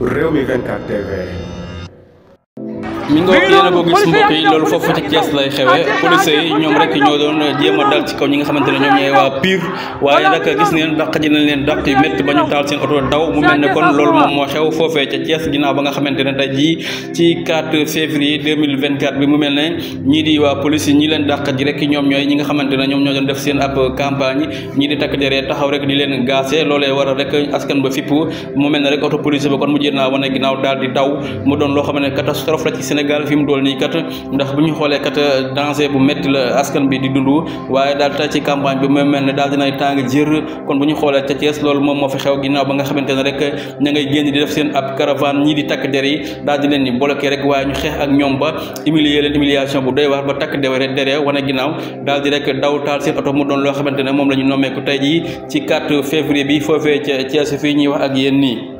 Rewmi 24 TV mi nga wax yéen a ko gis mbokk yi loolu foofu ci Thiès lay xewee police yi ñoom rek ñoo doon eh, jéem a dal ci kaw ñi nga xamante ne ñoom ñooy Pire waaye nag gis ngeen dàq ji nañ leen dàq yu métti ba taal seen oto daw mu mel kon loolu moom moo xew foofee ca Thiès ginnaaw ba nga xamante ne tey ci 4 février 2024 bi mu mel ne ñii di waa police yi ñi leen dàq ji rek ñoom ñooy ñi nga ñoo doon def seen campagne di tak deree taxaw rek di leen gaasé loolee war rek askan ba fipp mu mel ne rek oto police ba kon mu jéem naa wane ginnaaw di daw mu doon loo xam catastrophe la ci Sénégal fi mu toll nii kat ndax bu ñu xoolee kat danger bu métti la askan bi di dund waaye daal tey ci campagne bi mooy mel ne daal dinay tàng jër kon bu ñu xoolee ca Thiès loolu moom moo fi ginnaaw ba nga xamante ne rek ña ngay génn di def seen ab caravane ñii di takk dere yi daal di leen di bloqué rek waaye ñu xeex ak ñoom ba humilier leen humiliation bu doy waar ba takk dewere dere wane ginnaaw daal di rek daw taal seen oto mu doon loo xamante ne moom la ñu nommeeku tey jii ci 4 février bi foofee ca Thiès fii ñuy wax ak yéen nii